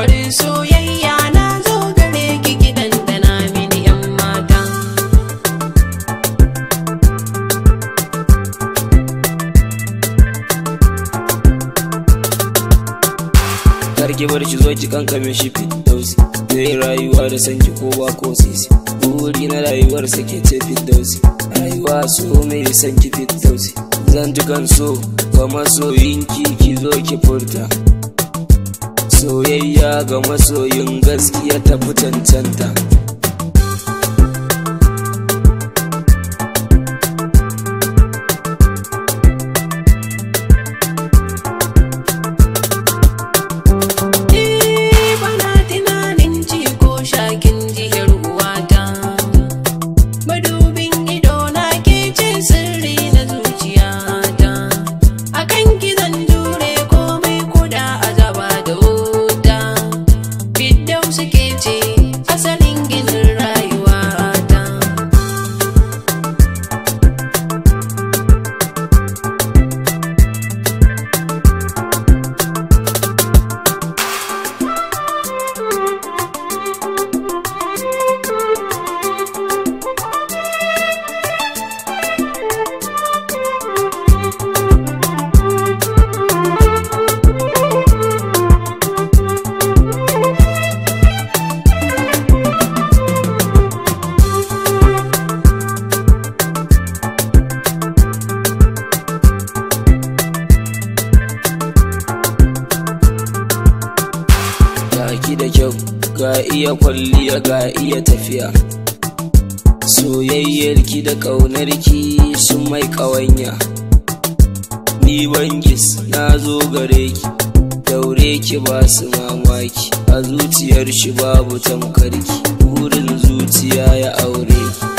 farin soyayya na zo gare ki gidan da na mini yan mata bar shi zo ki kankame shi fi dausi zai rayuwa da san ko ba ko sisi buri na rayuwar sa ke ce fi dausi rayuwa so mai sanki fi dausi zan ji kan so kamar ki ki zo ki furta soyayya ga masoyin gaskiya ta fi cancanta ki da kyau ga iya kwalliya ga iya tafiya soyayyarki da ƙaunarki sun mai ƙawanya ni bangis na zo gare ki daure ki ba su mamaki a zuciyar shi babu tamkarki burin zuciya ya aure ki